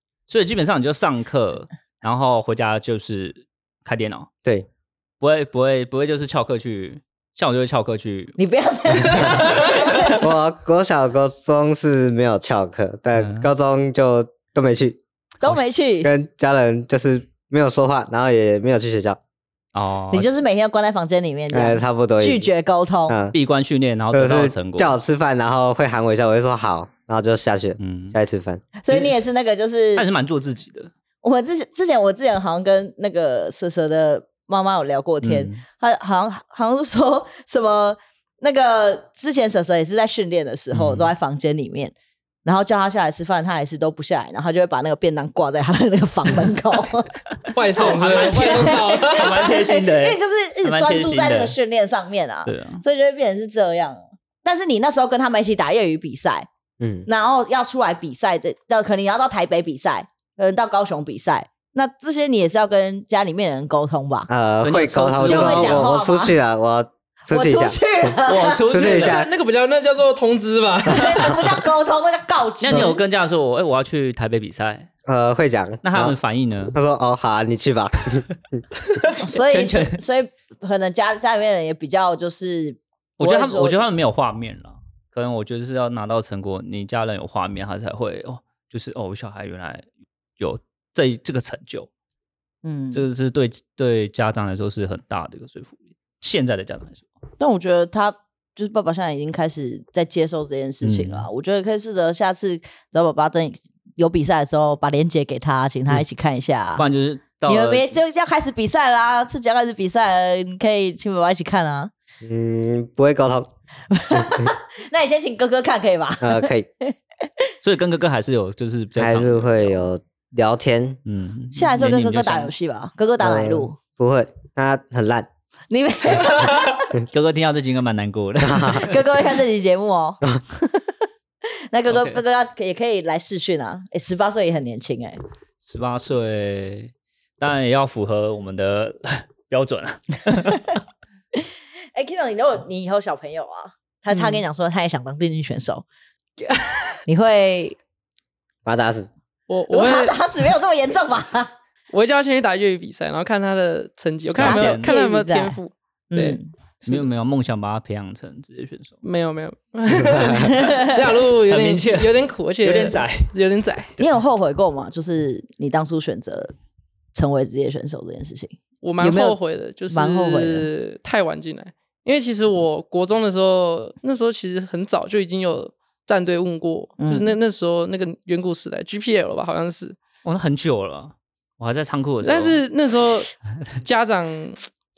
所以基本上你就上課，然後回家就是開電腦，對，不會不會不會，不會就是翹課去，像我就會翹課去。你不要這樣 我。我我小高中是沒有翹課，但高中就都沒去。都沒去，跟家人就是沒有說話，然後也沒有去學校。哦，你就是每天要關在房間裡面、嗯，差不多拒絕溝通、嗯，閉關訓練，然後得到的成果、就是叫我吃飯，然後會喊我一下，我就說好，然後就下去，嗯，下去吃飯。所以你也是那個，就是還、嗯、是蠻做自己的。我之前之前我之前好像跟那個蛇蛇的媽媽有聊過天，嗯、他好像好像是說什麼那個之前蛇蛇也是在訓練的時候都、嗯、在房間裡面。然後叫他下來吃飯，他還是都不下來，然後他就會把那個便當掛在他的那個房門口，外送的，還蠻貼 心的 因為就是一直專注在那個訓練上面啊，對啊，所以就會變成是這樣。但是你那時候跟他們一起打業餘比賽，嗯，然後要出來比賽的，可能要到台北比賽，可能到高雄比賽，那這些你也是要跟家裡面的人溝通吧？呃，就就就會溝通，我出去了，我。我出去一下，我出去、嗯我出去出一下那不，那個比較那個，叫做通知吧。那個不叫溝通，不叫告知。知那你有跟家說，我、欸、我要去台北比賽，呃，會講。那他們反應呢？他說哦，好啊，你去吧。 哦，所以圈圈所以，所以，所以可能家家裡面人也比較就是，我覺得他我他，我覺得他們沒有畫面了。可能我覺得是要拿到成果，你家人有畫面，他才會哦，就是哦，我小孩原來有這這個成就，嗯，這，就是對對家長來說是很大的一個說服力。現在的家長來說。但我覺得他就是爸爸，現在已經開始在接受這件事情了。嗯、我覺得可以試着下次，找爸爸等有比賽的時候，把鏈接給他，請他一起看一下。嗯、不然就是 20... 你們別就要開始比賽啦，啊，是要開始比賽，你可以請爸爸一起看啊。嗯，不會告他。 那你先請哥哥看可以吧？呃，可以。 所以跟哥哥還是有，就是還是會有聊天。嗯，現在還是跟哥哥打遊戲吧，嗯。哥哥打哪路？嗯，不會，他很爛。你 哥哥聽到這句應該蠻難過的。 哥哥會看這期節目哦。 那哥哥、okay. 哥哥也可以來試訓啊！十八歲也很年輕哎、欸。十八歲當然也要符合我們的標準啊。哎、 欸、，Kino，你如果你以後小朋友啊，他、嗯、他跟你講說他也想當電競選手， 你會把他打死？我我打死沒有這麼嚴重吧、啊？ 我一定要先去打業餘比賽，然後看他的成績，我看他有沒有，有、沒有天賦、嗯。對，沒有沒有，夢想把他培養成職業選手。沒、嗯、有沒有，這條 路有點有點苦，而且有點窄，有點窄。你有後悔過嗎？就是你當初選擇成為職業選手這件事情，我蠻後悔的，有有，就是太晚進來。因為其實我國中的時候，那時候其實很早就已經有戰隊問過、嗯，就是那那時候那個遠古時代 GPL 了吧，好像是玩、哦、很久了。我還在倉庫，但是那時候家長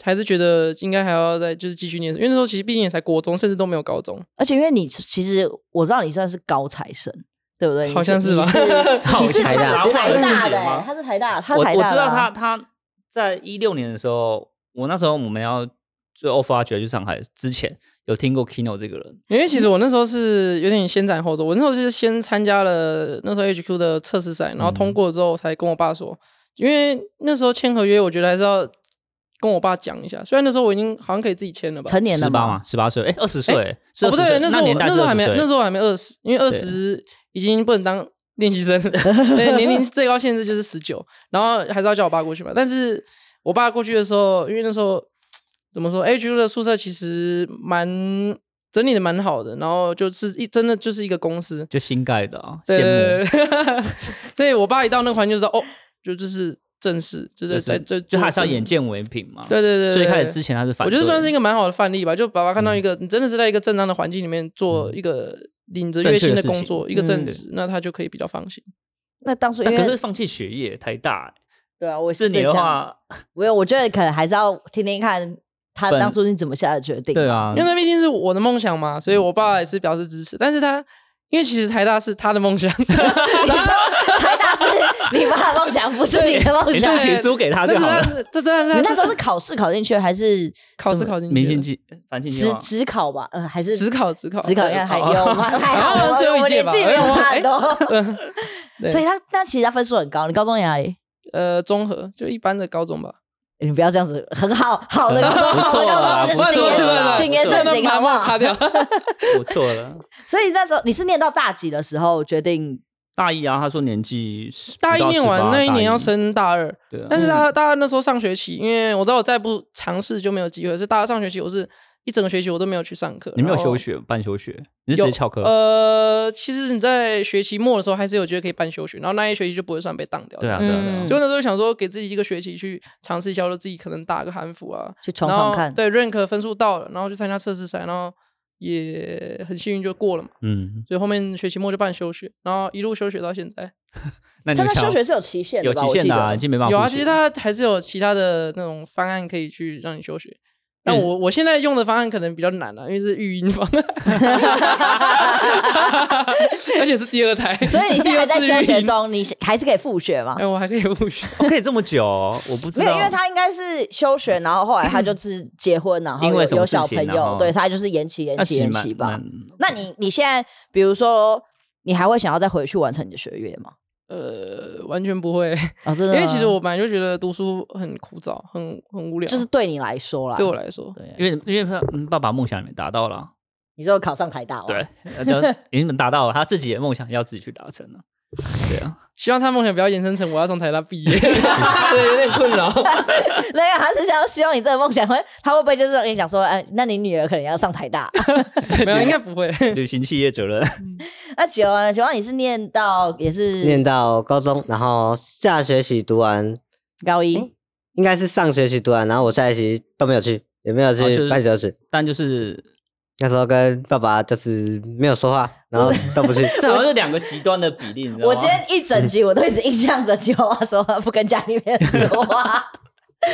還是覺得應該還要再就是繼續念，因為那時候其實畢竟也才國中，甚至都沒有高中。而且因為你其實我知道你算是高材生，對不對？好像是吧？你是台大的？他是台大，我知道他他在一六年的時候，我那時候我們要做 offer 去上海之前，有聽過 Kino 這個人。因為其實我那時候是有點先斬後奏，我那時候是先參加了那時候 HQ 的測試賽，然後通過之後才跟我爸說。因為那時候簽合約，我覺得還是要跟我爸講一下。雖然那時候我已經好像可以自己簽了吧，成年了。十八嘛，十八歲，哎，二十歲，歲，哦不對，那時候我那，那時候還沒那時候還沒二十，因為二十已經不能當練習生了，對對，年齡最高限制就是十九。然後還是要叫我爸過去嘛。但是我爸過去的時候，因為那時候怎麼說？哎，居住的宿舍其實蠻整理的，蠻好的。然後就是一，真的就是一個公司，就新蓋的啊、哦，羨慕，對。 所以我爸一到那個環境就說哦。就這是正式，就是在就是、就他、是、上、就是就是就是、眼見為憑嘛。對對對，最開始之前他是反對，我覺得算是一個蠻好的範例吧。就爸爸看到一個，嗯、你真的是在一個正當的環境裡面做一個領着月薪的工作，一個正職、嗯，那他就可以比較放心。那當時因為是放棄學業太大、欸，對啊，我是你的話，我有我覺得可能還是要聽聽看他當初你怎麼下的決定，對啊，因為那畢竟是我的夢想嘛，所以我爸爸也是表示支持。嗯、但是他因為其實台大是他的夢想。 你說 你爸的夢想不是你的夢想，你錄取書給他就好了，那是那是對吧？這真的是你那時候是考試考進去還是考試考進去？沒進去？反星級，只只考吧，嗯、呃，還是只考、只考、只考，你看還還還好，我們年紀也不差很多、欸欸 。所以他，但其實他分數很高。你高中在哪裡？呃，綜合就一般的高中吧。你不要這樣子，很好，好的高中，好的高中不錯了、啊，錦園是好園好我錯了。所以那時候你是念到大幾的時候決定？大一啊，他說年紀大一念完 18, 一那一年要升大二，對。但是他大二、嗯、那時候上學期，因為我知道我再不嘗試就沒有機會，是大二上學期，我是一整個學期我都沒有去上課。你沒有休學，半休學，你是直接翹課？呃，其實你在學期末的時候還是有機會可以半休學，然後那一學期就不會算被當掉。對啊，對啊，對啊。就、嗯、那時候想說給自己一個學期去嘗試一下，說自己可能打個韓服啊，去闖闖看。對，rank 分數到了，然後就參加測試賽，然後。也很幸運就過了嘛，嗯，所以後面學期末就辦休學，然後一路休學到現在。 那你想他，他休學是有期限的？有期限的、啊，已經沒辦法。有啊，其實他還是有其他的那種方案可以去讓你休學。那我我現在用的方案可能比較難了、啊，因為是育嬰方案，哈哈哈，而且是第二胎，所以你現在還在休學中，你還是可以復學嗎？哎，我還可以復學，可 以、okay, 這麼久、哦，我不知道。 沒有，因為他應該是休學，然後後來他就是結婚了、嗯，因為有小朋友，對，他就是延期、延期、延，延，延期吧。那，滿滿那你你現在，比如說，你還會想要再回去完成你的學業嗎？呃，完全不會。哦，真的啊？因為其實我本來就覺得讀書很枯燥，很很無聊。就是對你來說啦，對我來說，對，因為因為他、嗯、爸爸夢想裡面達到了，你說考上台大，對，已經達到了，他自己的夢想要自己去達成了。對啊，希望他夢想不要延伸成我要從台大畢業， 對，有點困擾。 那個他是想要希望你這個夢想會，他會不會就是跟你講說，哎、呃，那你女兒可能要上台大？ 沒有，應該不會， 履行企業責任。那 請問、啊，請問你是念到也是念到高中，然後下學期讀完高一，欸、應該是上學期讀完，然後我下學期都沒有去，也沒有去辦休學，但、哦、就是。那時候跟爸爸就是沒有說話，然後都不去。 這都是兩個極端的比例，你知道嗎？我今天一整集我都一直印象着，只說說話不跟家裡面說話。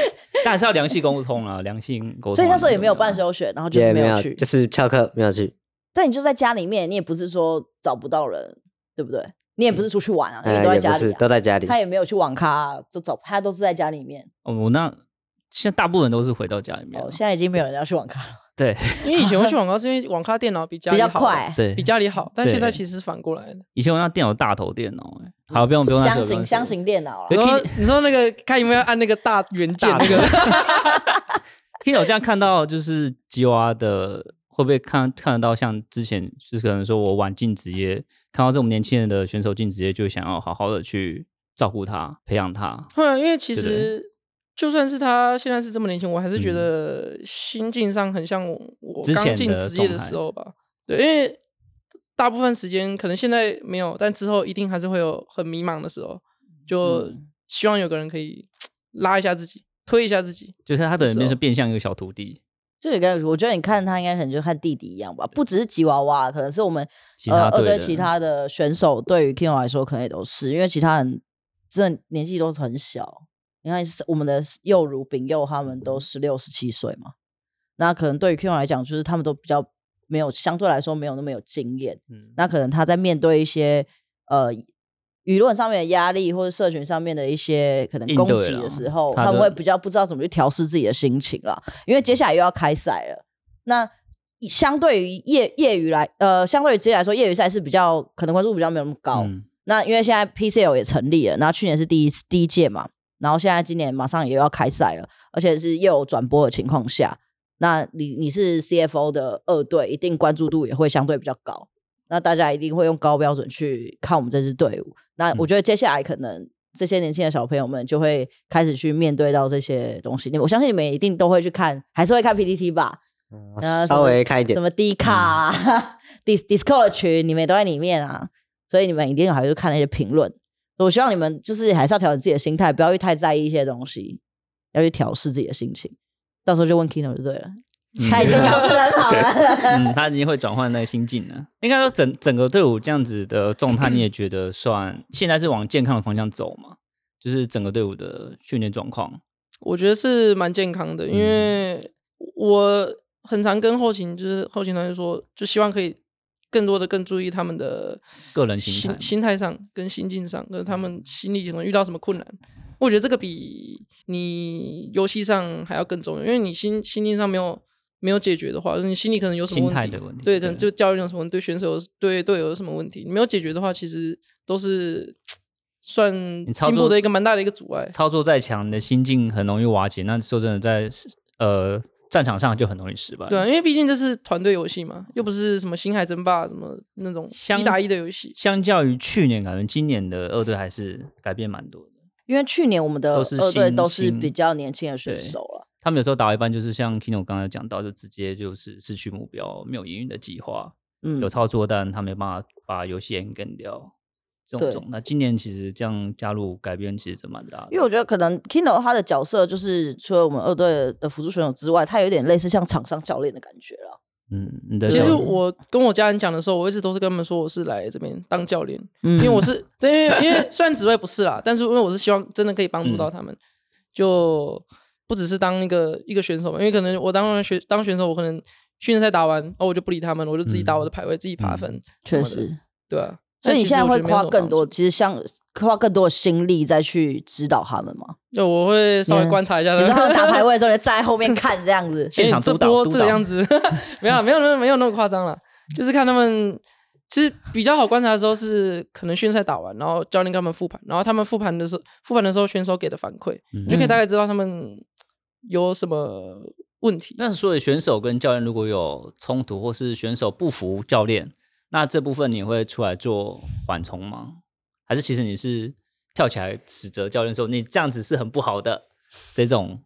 但還是要良性溝通啊，良性溝通、啊。所以那時候也沒有辦休學， 然後就是沒有去 Yeah, 沒有，就是翹課沒有去。但 你就在家裡面，你也不是說找不到人，對不對？嗯、你也不是出去玩啊，你、嗯、都在家裡、啊，都在家裡。他也沒有去網咖、啊，就找他都是在家裡面。哦，那現在大部分都是回到家裡面、啊。哦，現在已經沒有人要去網咖了。 對，因為以前我去網咖是因為網咖電腦比家裡比較快，對，比家裡好。但現在其實反過來的，以前我那電腦大頭電腦、欸，哎、嗯，好，不要用不用要用。箱型箱型電腦、啊，你說 你說那個，看有沒有要按那個大原件大那個。 可以好像看到就是吉娃娃的，會不會看看得到？像之前就是可能說我晚進職業，看到這種年輕人的選手進職業，就想要好好的去照顧他，培養他。會、嗯，因為其實。就算是他現在是這麼年輕，我還是覺得心境上很像我、嗯、我剛進職業的時候吧。對，因為大部分時間可能現在沒有，但之後一定還是會有很迷茫的時候。就希望有個人可以拉一下自己，推一下自己。嗯、就是他的人面變相一個小徒弟。這也跟我覺得你看他應該很就和弟弟一樣吧，不只是吉娃娃，可能是我們呃二隊、呃、其他的選手對於 Kino 來說可能也都是，因為其他人真的年紀都是很小。你看，我們的幼如丙幼，他們都是十六、十七歲嘛，那可能對於 Q 來講，就是他們都比較沒有，相對來說沒有那麼有經驗。嗯、那可能他在面對一些呃輿論上面的壓力，或者社群上面的一些可能攻擊的時候，他們會比較不知道怎麼去調試自己的心情啦，嗯、因為接下來又要開賽了，那相對於業業餘來，呃，相對於職業來說，業餘賽是比較可能關注度比較沒有那麼高，嗯。那因為現在 PCL 也成立了，那去年是第一是第一屆嘛。然後現在今年馬上也要開賽了，而且是又有轉播的情況下，那你你是 CFO 的二隊，一定關注度也會相對比較高。那大家一定會用高標準去看我們這支隊伍。那我覺得接下來可能這些年輕的小朋友們就會開始去面對到這些東西。嗯、我相信你們一定都會去看，還是會看 PTT 吧，嗯？稍微看一點什麼 D 卡、啊嗯、 Discord 群，你們都在裡面啊，所以你們一定還是看那些評論。我希望你們就是還是要調整自己的心態，不要去太在意一些東西，要去調試自己的心情。到時候就問 Kino 就對了，他已經調試了好了， 嗯，他已經會轉換那個心境了。應該說整整個隊伍這樣子的狀態，嗯、你也覺得算現在是往健康的方向走嘛？就是整個隊伍的訓練狀況，我覺得是蠻健康的，因為我很常跟後勤就是後勤同事說，就希望可以。更多的更注意他們的個人心心態上跟心境上，跟他們心裡可能遇到什麼困難，我覺得這個比你遊戲上還要更重要。因為你心心境上沒有沒有解決的話，就是、你心裡可能有什麼問題，心態的問題對，可能就教練有什麼對，對選手對隊友有什麼問題，你沒有解決的話，其實都是算進步的一個蠻大的一個阻礙。操作再強，你的心境很容易瓦解。那說真的在，在呃。戰場上就很容易失敗。對啊，因為畢竟這是團隊遊戲嘛，又不是什麼星海爭霸什麼那種一打一的遊戲。相較於去年，感覺今年的二隊還是改變蠻多的。因為去年我們的二隊都，都是比較年輕的選手了。他們有時候打一半，就是像 Kino 剛才講到，就直接就是失去目標，沒有營運的計劃，有操作，但他沒辦法把遊戲 end game 掉。嗯這種，種那今年其實這樣加入改編其實蠻大的，因為我覺得可能 Kino 他的角色就是除了我們二隊的輔助選手之外，他有點類似像場上教練的感覺了。嗯，其實我跟我家人講的時候，我一直都是跟他們說我是來這邊當教練，因為我是因為、嗯、因為雖然職位不是啦， 但是因為我是希望真的可以幫助到他們，嗯、就不只是當一個一個選手嘛，因為可能我當選當選手，我可能訓練賽打完，哦，我就不理他們，我就自己打我的排位，嗯、自己爬分。確、嗯、實，對、啊。所以你現在會花更多，其實像花更多的心力再去指導他們嗎？就我會稍微觀察一下他們，嗯，你知道他們打排位的時候 站在後面看這樣子，現場督導，欸，這、這個這樣子， 沒有沒有那沒有那麼誇張了， 就是看他們其實比較好觀察的時候是可能訓練賽打完，然後教練跟他們覆盤，然後他們覆盤的時候覆盤的時候選手給的反饋，嗯、你就可以大概知道他們有什麼問題。但、嗯、是所以選手跟教練如果有衝突，或是選手不服教練？那這部分你會出來做緩衝嗎？還是其實你是跳起來指責教練說你這樣子是很不好的這種？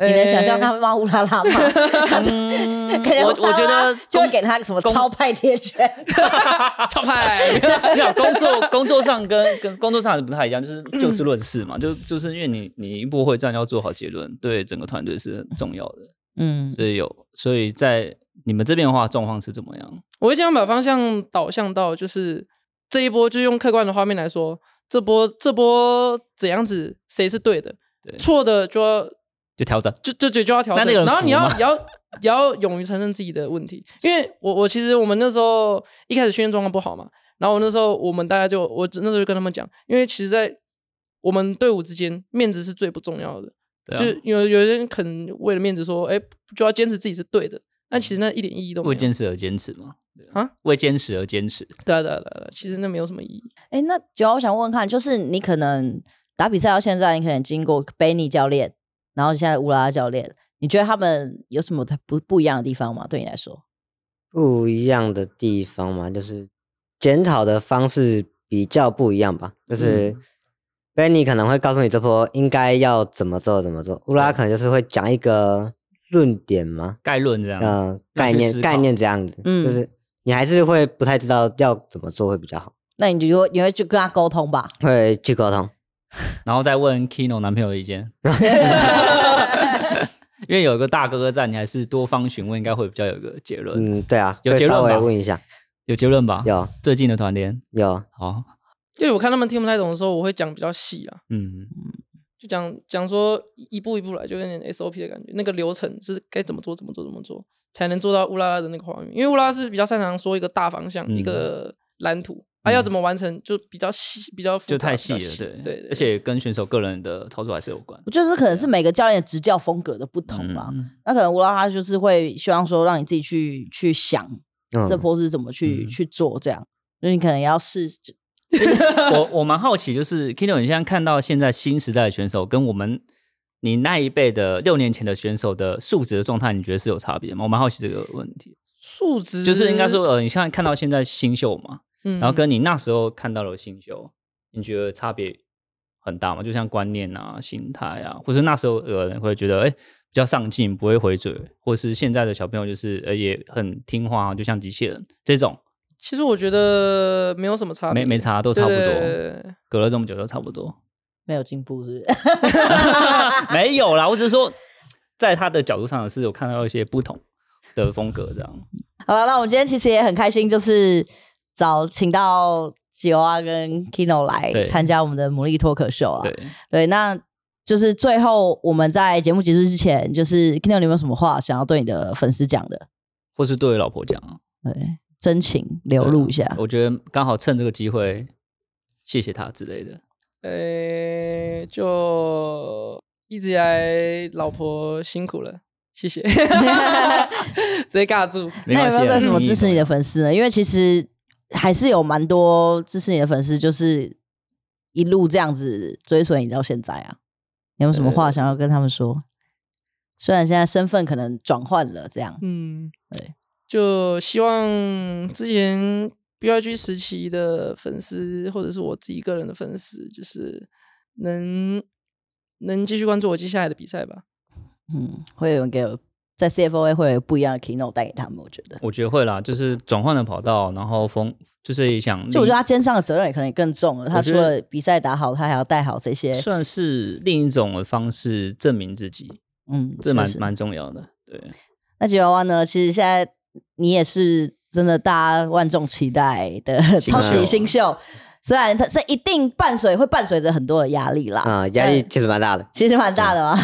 你能想象他會罵烏拉拉嗎？我我覺得就會給他個什麼超派鐵拳。超派， 超派、欸 沒有，工作工作上跟跟工作上還是不太一樣，就是就事論事嘛，嗯、就就是因為你你不會這樣要做好結論，對整個團隊是很重要的。嗯，所以有，所以在。你們這邊的話，狀況是怎麼樣？我會盡量把方向導向到，就是這一波，就用客觀的畫面來說，這波這波怎樣子，誰是對的，對，錯的就要就調整，就就就，就要調整。然後你要你要你要，你要勇於承認自己的問題。因為我我其實我們那時候一開始訓練狀況不好嘛，然後我那時候我們大家就我那時候就跟他們講，因為其實在我們隊伍之間，面子是最不重要的。對啊、就有有些人可能為了面子說，哎、欸，就要堅持自己是對的。那、啊、其實那一點意義都沒有。為堅持而堅持嗎？啊，為堅持而堅持。對啊，對啊，對啊。其實那沒有什麼意義。哎、欸，那主要我想問看，就是你可能打比賽到現在，你可能經過 Benny 教練，然後現在烏拉教練，你覺得他們有什麼不不，不一樣的地方嗎？對你來說，不一樣的地方嘛，就是檢討的方式比較不一樣吧。就是 Benny 可能會告訴你這波應該要怎麼做怎麼做，烏拉可能就是會講一個。論點嗎？概論這樣。嗯、呃，概念概念這樣子、嗯，就是你還是會不太知道要怎麼做會比較好。那你就你會去跟他溝通吧，會去溝通，然後再問 Kino 男朋友意見。 因為有一個大哥哥在，你還是多方詢問，應該會比較有一個結論。嗯，對啊，有結論吧？問一下，有結論吧？有最近的團聯有哦，就是我看他們聽不太懂的時候，我會講比較細啊。嗯。講講說一步一步來，就有點 SOP 的感覺。那個流程是該怎麼做，怎麼做，怎麼做，才能做到烏拉拉的那個畫面？因為烏拉拉是比較擅長說一個大方向、嗯、一個藍圖，嗯、啊，要怎麼完成，就比較細、比較複雜就太細了，細對對，而且跟選手個人的操作還是有關。就是可能是每個教練的執教風格的不同吧、嗯。那可能烏拉拉就是會希望說，讓你自己去去想這波是怎麼去、嗯、去做這樣，那你可能要試。 我我蠻好奇，就是 Kino，你現在看到現在新時代的選手跟我們你那一輩的六年前的選手的素質的狀態，你覺得是有差別嗎？我蠻好奇這個問題。素質就是應該說，呃，你現在看到現在新秀嘛、嗯，然後跟你那時候看到的新秀，你覺得差別很大嗎？就像觀念啊、心態啊，或者那時候有人會覺得，哎，比較上進，不會回嘴，或者是現在的小朋友就是，呃，也很聽話，就像機器人這種。其實我覺得沒有什麼差別，沒沒差，都差不多。對對對對，隔了這麼久都差不多，沒有進步是不是？ 沒有啦，我只是說，在他的角度上是有看到一些不同的風格這樣。 好了，那我們今天其實也很開心，就是找請到吉娃娃跟 Kino 來參加我們的牡蠣脫口秀啊。對，對，那就是最後我們在節目結束之前，就是 Kino，你有沒有什麼話想要對你的粉絲講的，或是對老婆講啊？對。真情流露一下。我覺得剛好趁這個機會，謝謝他之類的、欸。哎就一直以來，老婆辛苦了，謝謝。 直接尬住，有那有沒有什麼支持你的粉絲呢？因為其實還是有蠻多支持你的粉絲，就是一路這樣子追隨你到現在啊。你有什麼話想要跟他們說？雖然現在身份可能轉換了，這樣。嗯，對。就希望之前 B R G 時期的粉絲，或者是我自己個人的粉絲，就是能能繼續關注我接下來的比賽吧。嗯，會有人給我，在 C F O A 會有不一樣的 Kino 帶給他們。我覺得，我覺得會啦，就是轉換的跑道，然後風就是想，就我覺得他肩上的責任也可能也更重了。他除了比賽打好，他還要帶好這些，算是另一種的方式證明自己。嗯，是是這蠻蠻重要的。對，那吉娃娃呢？其實現在。你也是真的，大家萬眾期待的超級新秀。雖然它這一定伴隨會伴隨着很多的壓力啦，啊，壓力其實蠻大的，其實蠻大的嘛。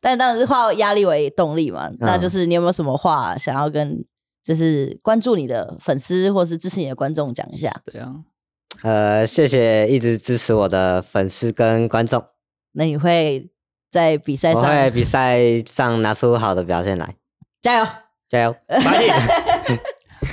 但當然是化壓力為動力嘛。那就是你有沒有什麼話想要跟，就是關注你的粉絲或是支持你的觀眾講一下？對啊，呃，謝謝一直支持我的粉絲跟觀眾。那你會在比賽上，我會比賽上拿出好的表現來，加油！加油。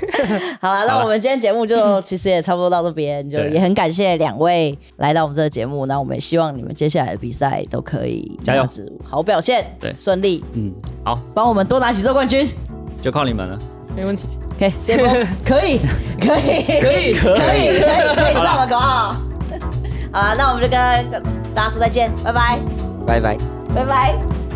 好！好啦，那我們今天節目就其實也差不多到這邊，就也很感謝兩位來到我們這個節目。那我們也希望你們接下來的比賽都可以加油，好表現，對，順利。嗯，好，幫我們多拿幾座冠軍，就靠你們了，沒問題。Okay, 可以可以， 可以，可以，可以，可以，可以，可以，可 以這樣了， 好不好？好了，那我們就跟大家說再見， 拜拜，拜拜，拜拜。